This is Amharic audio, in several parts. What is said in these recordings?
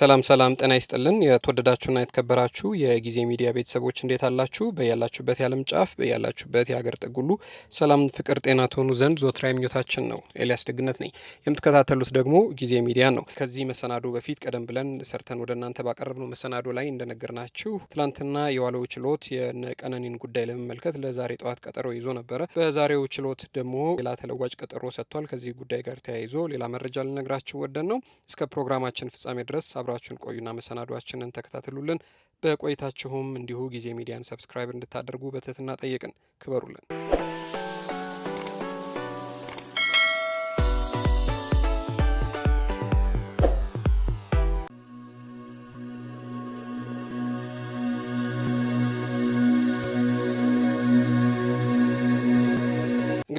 ሰላም ሰላም፣ ጤና ይስጥልን የተወደዳችሁና የተከበራችሁ የጊዜ ሚዲያ ቤተሰቦች እንዴት አላችሁ? በያላችሁበት የዓለም ጫፍ በያላችሁበት የሀገር ጥጉሉ ሰላም፣ ፍቅር፣ ጤና ትሆኑ ዘንድ ዞትራ የምኞታችን ነው። ኤልያስ ደግነት ነኝ። የምትከታተሉት ደግሞ ጊዜ ሚዲያ ነው። ከዚህ መሰናዶ በፊት ቀደም ብለን ሰርተን ወደ እናንተ ባቀረብነው መሰናዶ ላይ እንደነገርናችሁ ትላንትና የዋለው ችሎት የቀነኒን ጉዳይ ለመመልከት ለዛሬ ጠዋት ቀጠሮ ይዞ ነበረ። በዛሬው ችሎት ደግሞ ሌላ ተለዋጭ ቀጠሮ ሰጥቷል። ከዚህ ጉዳይ ጋር ተያይዞ ሌላ መረጃ ልነግራችሁ ወደን ነው። እስከ ፕሮግራማችን ፍጻሜ ድረስ አብራችሁን ቆዩና መሰናዷችንን ተከታተሉልን። በቆይታችሁም እንዲሁ ጊዜ ሚዲያን ሰብስክራይብ እንድታደርጉ በትህትና ጠየቅን። ክበሩልን።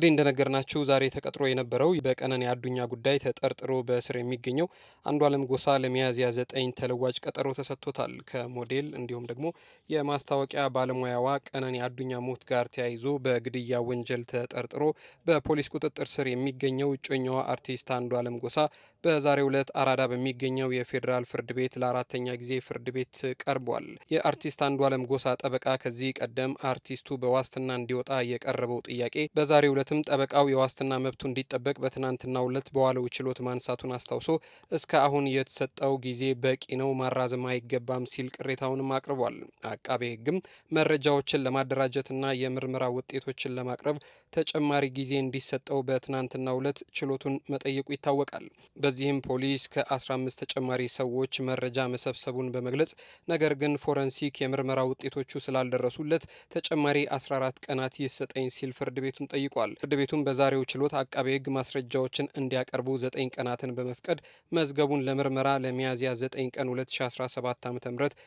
እንግዲህ እንደነገርናችሁ ዛሬ ተቀጥሮ የነበረው በቀነኒ አዱኛ ጉዳይ ተጠርጥሮ በእስር የሚገኘው አንዷለም ጎሳ ለሚያዝያ ዘጠኝ ተለዋጭ ቀጠሮ ተሰጥቶታል። ከሞዴል እንዲሁም ደግሞ የማስታወቂያ ባለሙያዋ ቀነኒ አዱኛ ሞት ጋር ተያይዞ በግድያ ወንጀል ተጠርጥሮ በፖሊስ ቁጥጥር ስር የሚገኘው እጮኛዋ አርቲስት አንዷለም ጎሳ በዛሬው ዕለት አራዳ በሚገኘው የፌዴራል ፍርድ ቤት ለአራተኛ ጊዜ ፍርድ ቤት ቀርቧል። የአርቲስት አንዷለም ጎሳ ጠበቃ ከዚህ ቀደም አርቲስቱ በዋስትና እንዲወጣ የቀረበው ጥያቄ በዛሬው ዕለት በመሰረትም ጠበቃው የዋስትና መብቱ እንዲጠበቅ በትናንትናው ዕለት በዋለው ችሎት ማንሳቱን አስታውሶ እስከ አሁን የተሰጠው ጊዜ በቂ ነው፣ ማራዘም አይገባም ሲል ቅሬታውንም አቅርቧል። አቃቤ ሕግም መረጃዎችን ለማደራጀትና የምርመራ ውጤቶችን ለማቅረብ ተጨማሪ ጊዜ እንዲሰጠው በትናንትናው ዕለት ችሎቱን መጠየቁ ይታወቃል። በዚህም ፖሊስ ከ15 ተጨማሪ ሰዎች መረጃ መሰብሰቡን በመግለጽ ነገር ግን ፎረንሲክ የምርመራ ውጤቶቹ ስላልደረሱለት ተጨማሪ 14 ቀናት ይሰጠኝ ሲል ፍርድ ቤቱን ጠይቋል። ፍርድ ቤቱም በዛሬው ችሎት አቃቤ ሕግ ማስረጃዎችን እንዲያቀርቡ ዘጠኝ ቀናትን በመፍቀድ መዝገቡን ለምርመራ ለሚያዝያ 9 ቀን 2017 ዓ ም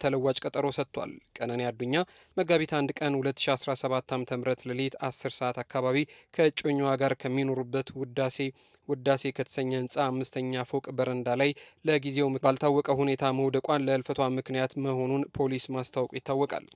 ተለዋጭ ቀጠሮ ሰጥቷል። ቀነኒ አዱኛ መጋቢት አንድ ቀን 2017 ዓ ም ሌሊት 10 ሰዓት አካባቢ ከእጮኛዋ ጋር ከሚኖሩበት ውዳሴ ውዳሴ ከተሰኘ ህንፃ አምስተኛ ፎቅ በረንዳ ላይ ለጊዜው ባልታወቀ ሁኔታ መውደቋን ለህልፈቷ ምክንያት መሆኑን ፖሊስ ማስታወቁ ይታወቃል።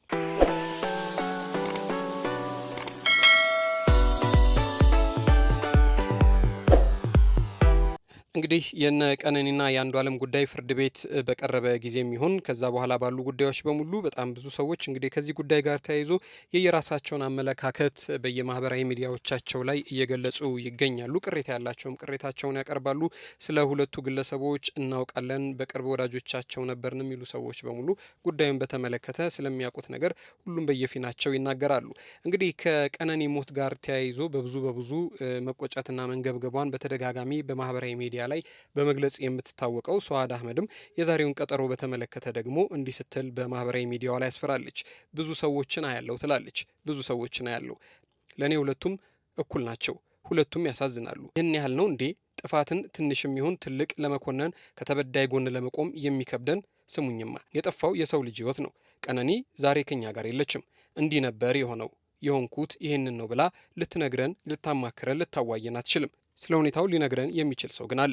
እንግዲህ የነ ቀነኒና የአንዱ አለም ጉዳይ ፍርድ ቤት በቀረበ ጊዜም ይሁን ከዛ በኋላ ባሉ ጉዳዮች በሙሉ በጣም ብዙ ሰዎች እንግዲህ ከዚህ ጉዳይ ጋር ተያይዞ የየራሳቸውን አመለካከት በየማህበራዊ ሚዲያዎቻቸው ላይ እየገለጹ ይገኛሉ። ቅሬታ ያላቸውም ቅሬታቸውን ያቀርባሉ። ስለ ሁለቱ ግለሰቦች እናውቃለን፣ በቅርብ ወዳጆቻቸው ነበርን የሚሉ ሰዎች በሙሉ ጉዳዩን በተመለከተ ስለሚያውቁት ነገር ሁሉም በየፊናቸው ይናገራሉ። እንግዲህ ከቀነኒ ሞት ጋር ተያይዞ በብዙ በብዙ መቆጨትና መንገብገቧን በተደጋጋሚ በማህበራዊ ሚዲያ ሚዲያ ላይ በመግለጽ የምትታወቀው ሰዋድ አህመድም የዛሬውን ቀጠሮ በተመለከተ ደግሞ እንዲህ ስትል በማህበራዊ ሚዲያዋ ላይ ያስፈራለች። ብዙ ሰዎችን አያለው ትላለች። ብዙ ሰዎችን አያለው። ለእኔ ሁለቱም እኩል ናቸው። ሁለቱም ያሳዝናሉ። ይህን ያህል ነው እንዴ? ጥፋትን ትንሽም ይሁን ትልቅ ለመኮነን ከተበዳይ ጎን ለመቆም የሚከብደን። ስሙኝማ የጠፋው የሰው ልጅ ህይወት ነው። ቀነኒ ዛሬ ከኛ ጋር የለችም። እንዲህ ነበር የሆነው የሆንኩት ይህንን ነው ብላ ልትነግረን ልታማክረን ልታዋየን አትችልም። ስለ ሁኔታው ሊነግረን የሚችል ሰው ግን አለ።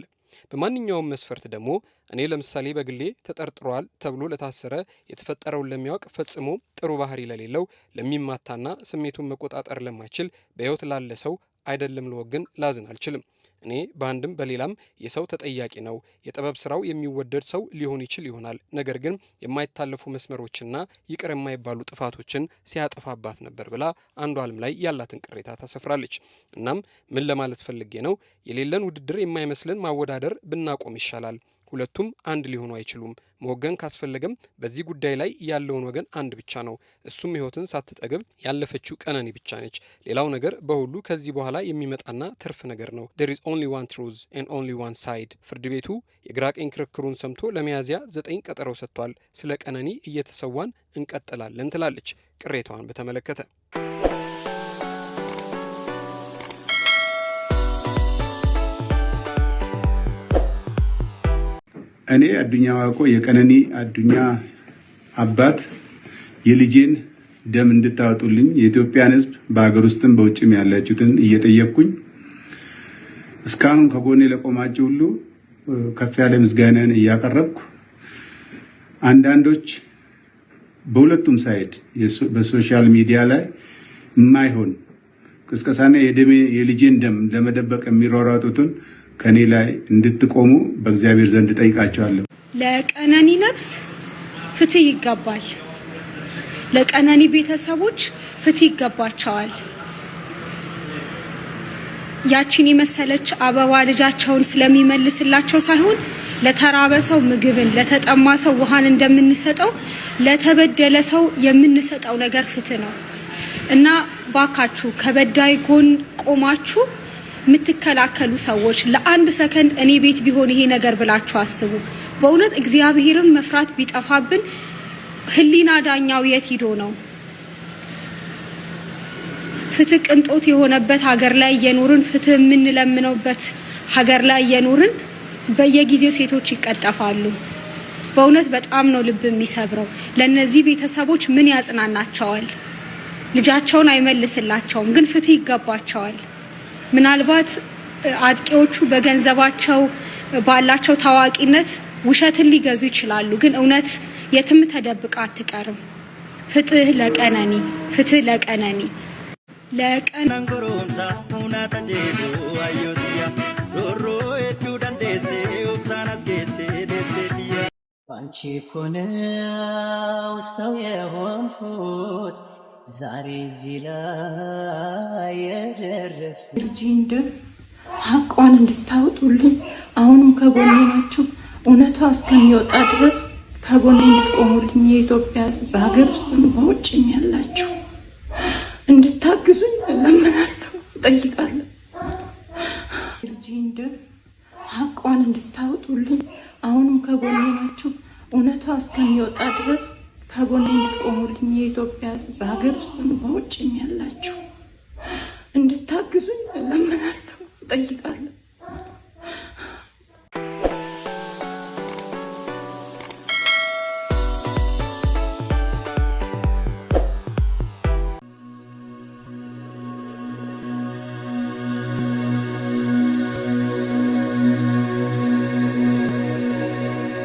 በማንኛውም መስፈርት ደግሞ እኔ ለምሳሌ በግሌ ተጠርጥሯል ተብሎ ለታሰረ የተፈጠረውን ለሚያውቅ ፈጽሞ ጥሩ ባህሪ ለሌለው ለሚማታና ስሜቱን መቆጣጠር ለማይችል በሕይወት ላለ ሰው አይደለም ልወግን ላዝን አልችልም። እኔ በአንድም በሌላም የሰው ተጠያቂ ነው። የጥበብ ስራው የሚወደድ ሰው ሊሆን ይችል ይሆናል። ነገር ግን የማይታለፉ መስመሮችና ይቅር የማይባሉ ጥፋቶችን ሲያጠፋባት ነበር ብላ አንዱ አለም ላይ ያላትን ቅሬታ ታሰፍራለች። እናም ምን ለማለት ፈልጌ ነው የሌለን ውድድር የማይመስልን ማወዳደር ብናቆም ይሻላል ሁለቱም አንድ ሊሆኑ አይችሉም። መወገን ካስፈለገም በዚህ ጉዳይ ላይ ያለውን ወገን አንድ ብቻ ነው። እሱም ሕይወትን ሳትጠግብ ያለፈችው ቀነኒ ብቻ ነች። ሌላው ነገር በሁሉ ከዚህ በኋላ የሚመጣና ትርፍ ነገር ነው። ዴር ኢዝ ኦንሊ ዋን ትሩዝ ኤንድ ኦንሊ ዋን ሳይድ። ፍርድ ቤቱ የግራ ቀኝ ክርክሩን ሰምቶ ለሚያዝያ ዘጠኝ ቀጠሮ ሰጥቷል። ስለ ቀነኒ እየተሰዋን እንቀጥላለን ትላለች ቅሬታዋን በተመለከተ እኔ አዱኛ ዋቆ የቀነኒ አዱኛ አባት የልጄን ደም እንድታወጡልኝ የኢትዮጵያን ሕዝብ በሀገር ውስጥም በውጭም ያላችሁትን እየጠየቅኩኝ እስካሁን ከጎኔ ለቆማችሁ ሁሉ ከፍ ያለ ምስጋናን እያቀረብኩ አንዳንዶች በሁለቱም ሳይድ በሶሻል ሚዲያ ላይ የማይሆን ቅስቀሳና የደሜ የልጄን ደም ለመደበቅ የሚሯሯጡትን ከእኔ ላይ እንድትቆሙ በእግዚአብሔር ዘንድ ጠይቃቸዋለሁ። ለቀነኒ ነፍስ ፍትህ ይገባል። ለቀነኒ ቤተሰቦች ፍትህ ይገባቸዋል። ያቺን የመሰለች አበባ ልጃቸውን ስለሚመልስላቸው ሳይሆን ለተራበ ሰው ምግብን፣ ለተጠማ ሰው ውሃን እንደምንሰጠው ለተበደለ ሰው የምንሰጠው ነገር ፍትህ ነው እና ባካችሁ ከበዳይ ጎን ቆማችሁ የምትከላከሉ ሰዎች ለአንድ ሰከንድ እኔ ቤት ቢሆን ይሄ ነገር ብላችሁ አስቡ። በእውነት እግዚአብሔርን መፍራት ቢጠፋብን ህሊና ዳኛው የት ሂዶ ነው? ፍትህ ቅንጦት የሆነበት ሀገር ላይ እየኖርን ፍትህ የምንለምነውበት ሀገር ላይ እየኖርን በየጊዜው ሴቶች ይቀጠፋሉ። በእውነት በጣም ነው ልብ የሚሰብረው። ለእነዚህ ቤተሰቦች ምን ያጽናናቸዋል? ልጃቸውን አይመልስላቸውም፣ ግን ፍትህ ይገባቸዋል። ምናልባት አጥቂዎቹ በገንዘባቸው ባላቸው ታዋቂነት ውሸትን ሊገዙ ይችላሉ፣ ግን እውነት የትም ተደብቃ አትቀርም። ፍትህ ለቀነኒ! ፍትህ ለቀነኒ! ባንቺ ሰው የሆንኩት ዛሬ እዚህ ላይ የደረስ ልጅ እንድን ሀቋን እንድታወጡልኝ አሁንም ከጎኔ ናችሁ። እውነቷ እስከሚወጣ ድረስ ከጎኔ እንድትቆሙልኝ የኢትዮጵያ ሕዝብ በሀገር ውስጥ በውጭም ያላችሁ እንድታግዙኝ እለምናለሁ፣ እጠይቃለሁ። ልጅ እንድን ሀቋን እንድታወጡልኝ አሁንም ከጎኔ ናችሁ። እውነቷ እስከሚወጣ ድረስ ከጎን የምትቆሙልኝ የኢትዮጵያ ሕዝብ በሀገር ውስጥም በውጭም ያላችሁ እንድታግዙኝ እለምናለሁ፣ እጠይቃለሁ።